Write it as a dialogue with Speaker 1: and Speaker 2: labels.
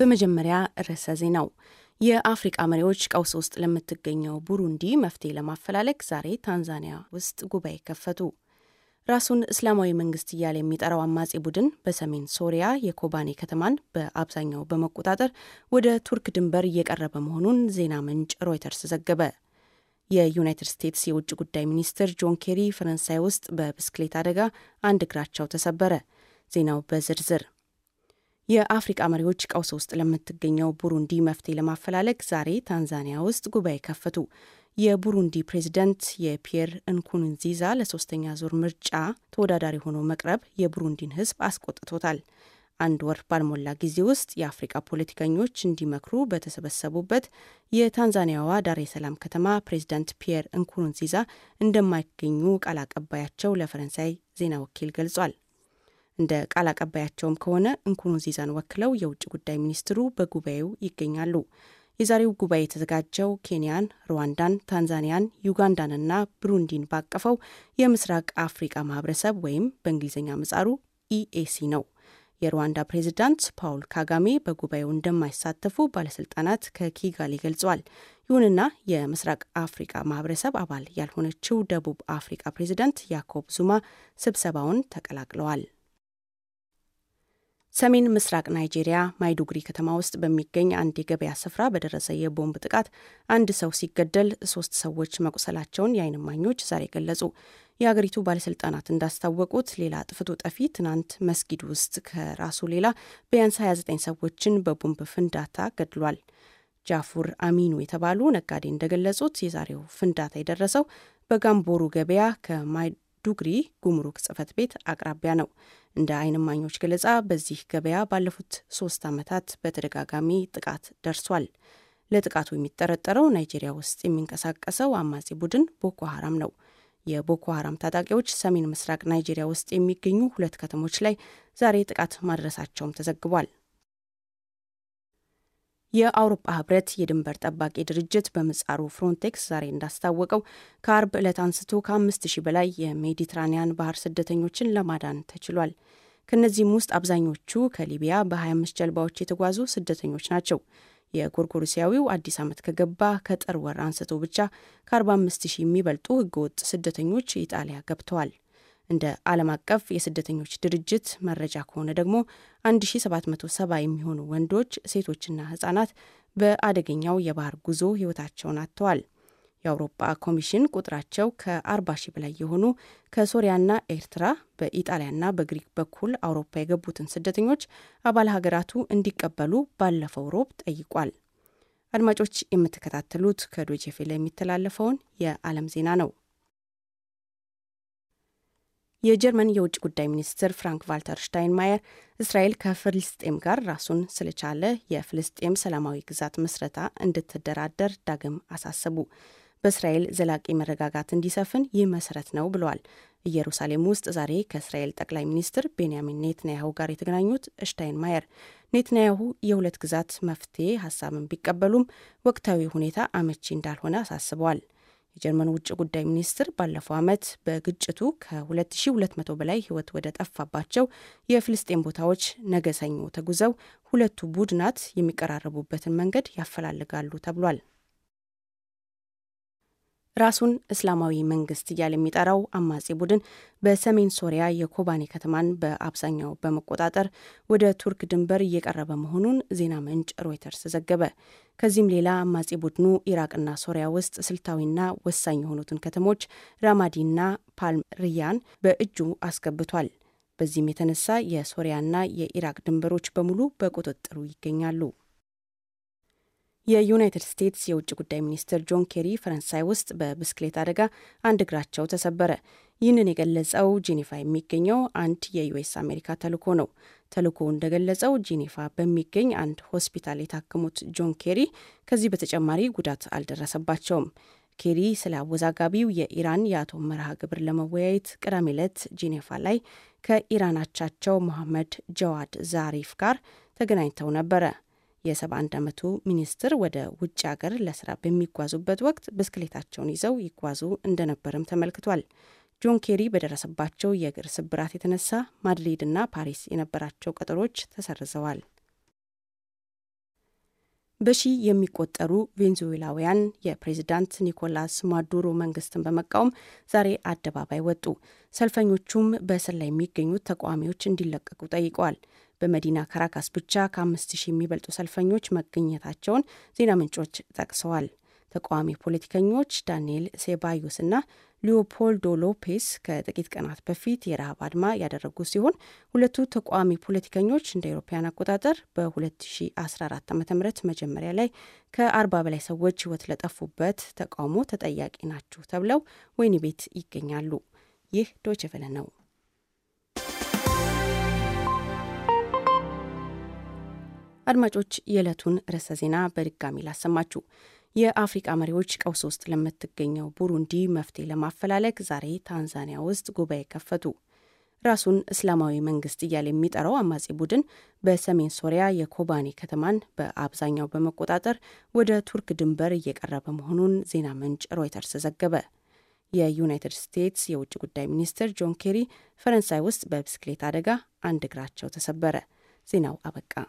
Speaker 1: በመጀመሪያ ርዕሰ ዜናው የአፍሪቃ መሪዎች ቀውስ ውስጥ ለምትገኘው ቡሩንዲ መፍትሄ ለማፈላለግ ዛሬ ታንዛኒያ ውስጥ ጉባኤ ከፈቱ። ራሱን እስላማዊ መንግስት እያለ የሚጠራው አማጺ ቡድን በሰሜን ሶሪያ የኮባኔ ከተማን በአብዛኛው በመቆጣጠር ወደ ቱርክ ድንበር እየቀረበ መሆኑን ዜና ምንጭ ሮይተርስ ዘገበ። የዩናይትድ ስቴትስ የውጭ ጉዳይ ሚኒስትር ጆን ኬሪ ፈረንሳይ ውስጥ በብስክሌት አደጋ አንድ እግራቸው ተሰበረ። ዜናው በዝርዝር የአፍሪቃ መሪዎች ቀውስ ውስጥ ለምትገኘው ቡሩንዲ መፍትሄ ለማፈላለግ ዛሬ ታንዛኒያ ውስጥ ጉባኤ ከፈቱ። የቡሩንዲ ፕሬዚደንት የፒየር እንኩንዚዛ ለሶስተኛ ዙር ምርጫ ተወዳዳሪ ሆኖ መቅረብ የቡሩንዲን ሕዝብ አስቆጥቶታል። አንድ ወር ባልሞላ ጊዜ ውስጥ የአፍሪቃ ፖለቲከኞች እንዲመክሩ በተሰበሰቡበት የታንዛኒያዋ ዳሬ ሰላም ከተማ ፕሬዚዳንት ፒየር እንኩንዚዛ እንደማይገኙ ቃል አቀባያቸው ለፈረንሳይ ዜና ወኪል ገልጿል። እንደ ቃል አቀባያቸውም ከሆነ እንኩሩንዚዛን ወክለው የውጭ ጉዳይ ሚኒስትሩ በጉባኤው ይገኛሉ። የዛሬው ጉባኤ የተዘጋጀው ኬንያን፣ ሩዋንዳን፣ ታንዛኒያን፣ ዩጋንዳንና ብሩንዲን ባቀፈው የምስራቅ አፍሪቃ ማህበረሰብ ወይም በእንግሊዝኛ ምጻሩ ኢኤሲ e ነው። የሩዋንዳ ፕሬዚዳንት ፓውል ካጋሜ በጉባኤው እንደማይሳተፉ ባለስልጣናት ከኪጋሊ ገልጿል። ይሁንና የምስራቅ አፍሪቃ ማህበረሰብ አባል ያልሆነችው ደቡብ አፍሪቃ ፕሬዚዳንት ያኮብ ዙማ ስብሰባውን ተቀላቅለዋል። ሰሜን ምስራቅ ናይጄሪያ ማይዱግሪ ከተማ ውስጥ በሚገኝ አንድ የገበያ ስፍራ በደረሰ የቦምብ ጥቃት አንድ ሰው ሲገደል ሶስት ሰዎች መቁሰላቸውን የአይን እማኞች ዛሬ ገለጹ። የሀገሪቱ ባለስልጣናት እንዳስታወቁት ሌላ አጥፍቶ ጠፊ ትናንት መስጊድ ውስጥ ከራሱ ሌላ ቢያንስ 29 ሰዎችን በቦምብ ፍንዳታ ገድሏል። ጃፉር አሚኑ የተባሉ ነጋዴ እንደገለጹት የዛሬው ፍንዳታ የደረሰው በጋምቦሩ ገበያ ከማይ ዱግሪ ጉምሩክ ጽፈት ቤት አቅራቢያ ነው። እንደ አይንማኞች ገለጻ በዚህ ገበያ ባለፉት ሶስት ዓመታት በተደጋጋሚ ጥቃት ደርሷል። ለጥቃቱ የሚጠረጠረው ናይጄሪያ ውስጥ የሚንቀሳቀሰው አማጺ ቡድን ቦኮ ሀራም ነው። የቦኮ ሀራም ታጣቂዎች ሰሜን ምስራቅ ናይጄሪያ ውስጥ የሚገኙ ሁለት ከተሞች ላይ ዛሬ ጥቃት ማድረሳቸውም ተዘግቧል። የአውሮፓ ህብረት የድንበር ጠባቂ ድርጅት በምጻሩ ፍሮንቴክስ ዛሬ እንዳስታወቀው ከአርብ ዕለት አንስቶ ከአምስት ሺህ በላይ የሜዲትራኒያን ባህር ስደተኞችን ለማዳን ተችሏል። ከእነዚህም ውስጥ አብዛኞቹ ከሊቢያ በ25 ጀልባዎች የተጓዙ ስደተኞች ናቸው። የጎርጎሮሲያዊው አዲስ ዓመት ከገባ ከጥር ወር አንስቶ ብቻ ከ45 የሚበልጡ ህገወጥ ስደተኞች ኢጣሊያ ገብተዋል። እንደ ዓለም አቀፍ የስደተኞች ድርጅት መረጃ ከሆነ ደግሞ 1770 የሚሆኑ ወንዶች፣ ሴቶችና ህጻናት በአደገኛው የባህር ጉዞ ህይወታቸውን አጥተዋል። የአውሮፓ ኮሚሽን ቁጥራቸው ከ40 ሺ በላይ የሆኑ ከሶሪያና ኤርትራ በኢጣሊያና በግሪክ በኩል አውሮፓ የገቡትን ስደተኞች አባል ሀገራቱ እንዲቀበሉ ባለፈው ሮብ ጠይቋል። አድማጮች የምትከታተሉት ከዶቼ ቬለ የሚተላለፈውን የዓለም ዜና ነው። የጀርመን የውጭ ጉዳይ ሚኒስትር ፍራንክ ቫልተር ሽታይንማየር እስራኤል ከፍልስጤም ጋር ራሱን ስለቻለ የፍልስጤም ሰላማዊ ግዛት ምስረታ እንድትደራደር ዳግም አሳሰቡ። በእስራኤል ዘላቂ መረጋጋት እንዲሰፍን ይህ መሰረት ነው ብለዋል። ኢየሩሳሌም ውስጥ ዛሬ ከእስራኤል ጠቅላይ ሚኒስትር ቤንያሚን ኔትንያሁ ጋር የተገናኙት ማየር ኔትንያሁ የሁለት ግዛት መፍትሄ ሀሳብን ቢቀበሉም ወቅታዊ ሁኔታ አመቺ እንዳልሆነ አሳስበዋል። የጀርመን ውጭ ጉዳይ ሚኒስትር ባለፈው ዓመት በግጭቱ ከ2200 በላይ ሕይወት ወደ ጠፋባቸው የፍልስጤን ቦታዎች ነገ ሰኞ ተጉዘው ሁለቱ ቡድናት የሚቀራረቡበትን መንገድ ያፈላልጋሉ ተብሏል። ራሱን እስላማዊ መንግስት እያለ የሚጠራው አማጺ ቡድን በሰሜን ሶሪያ የኮባኔ ከተማን በአብዛኛው በመቆጣጠር ወደ ቱርክ ድንበር እየቀረበ መሆኑን ዜና ምንጭ ሮይተርስ ዘገበ። ከዚህም ሌላ አማጺ ቡድኑ ኢራቅና ሶሪያ ውስጥ ስልታዊና ወሳኝ የሆኑትን ከተሞች ራማዲና ሪያን በእጁ አስገብቷል። በዚህም የተነሳ የሶሪያና የኢራቅ ድንበሮች በሙሉ በቁጥጥሩ ይገኛሉ። የዩናይትድ ስቴትስ የውጭ ጉዳይ ሚኒስትር ጆን ኬሪ ፈረንሳይ ውስጥ በብስክሌት አደጋ አንድ እግራቸው ተሰበረ። ይህንን የገለጸው ጄኔቫ የሚገኘው አንድ የዩኤስ አሜሪካ ተልኮ ነው። ተልኮ እንደገለጸው ጄኔቫ በሚገኝ አንድ ሆስፒታል የታከሙት ጆን ኬሪ ከዚህ በተጨማሪ ጉዳት አልደረሰባቸውም። ኬሪ ስለ አወዛጋቢው የኢራን የአቶም መርሃ ግብር ለመወያየት ቅዳሜ ዕለት ጄኔቫ ላይ ከኢራናቻቸው መሐመድ ጀዋድ ዛሪፍ ጋር ተገናኝተው ነበረ። የ71 ዓመቱ ሚኒስትር ወደ ውጭ አገር ለስራ በሚጓዙበት ወቅት ብስክሌታቸውን ይዘው ይጓዙ እንደነበርም ተመልክቷል። ጆን ኬሪ በደረሰባቸው የእግር ስብራት የተነሳ ማድሪድና ፓሪስ የነበራቸው ቀጠሮች ተሰርዘዋል። በሺ የሚቆጠሩ ቬንዙዌላውያን የፕሬዚዳንት ኒኮላስ ማዱሮ መንግስትን በመቃወም ዛሬ አደባባይ ወጡ። ሰልፈኞቹም በእስር ላይ የሚገኙት ተቃዋሚዎች እንዲለቀቁ ጠይቀዋል። በመዲና ካራካስ ብቻ ከአምስት ሺህ የሚበልጡ ሰልፈኞች መገኘታቸውን ዜና ምንጮች ጠቅሰዋል። ተቃዋሚ ፖለቲከኞች ዳንኤል ሴባዮስ እና ሊዮፖልዶ ሎፔስ ከጥቂት ቀናት በፊት የረሃብ አድማ ያደረጉ ሲሆን ሁለቱ ተቃዋሚ ፖለቲከኞች እንደ አውሮፓውያን አቆጣጠር በ2014 ዓ ም መጀመሪያ ላይ ከ40 በላይ ሰዎች ሕይወት ለጠፉበት ተቃውሞ ተጠያቂ ናችሁ ተብለው ወህኒ ቤት ይገኛሉ። ይህ ዶይቼ ቬለ ነው። አድማጮች የዕለቱን ርዕሰ ዜና በድጋሚ ላሰማችሁ። የአፍሪቃ መሪዎች ቀውስ ውስጥ ለምትገኘው ቡሩንዲ መፍትሄ ለማፈላለግ ዛሬ ታንዛኒያ ውስጥ ጉባኤ ከፈቱ። ራሱን እስላማዊ መንግስት እያለ የሚጠራው አማጺ ቡድን በሰሜን ሶሪያ የኮባኔ ከተማን በአብዛኛው በመቆጣጠር ወደ ቱርክ ድንበር እየቀረበ መሆኑን ዜና ምንጭ ሮይተርስ ዘገበ። የዩናይትድ ስቴትስ የውጭ ጉዳይ ሚኒስትር ጆን ኬሪ ፈረንሳይ ውስጥ በብስክሌት አደጋ አንድ እግራቸው ተሰበረ። ዜናው አበቃ።